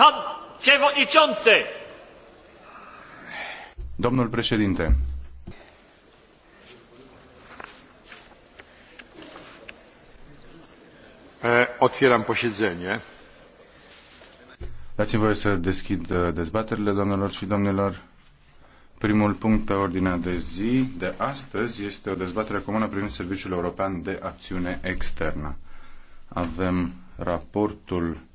Pan przewodniczący! Domnul președinte. Otwieram posiedzenie. Dați-mi voie să deschid dezbaterile, doamnelor și domnilor. Primul punct pe ordinea de zi de astăzi este o dezbatere comună privind Serviciul European de Acțiune Externă. Avem raportul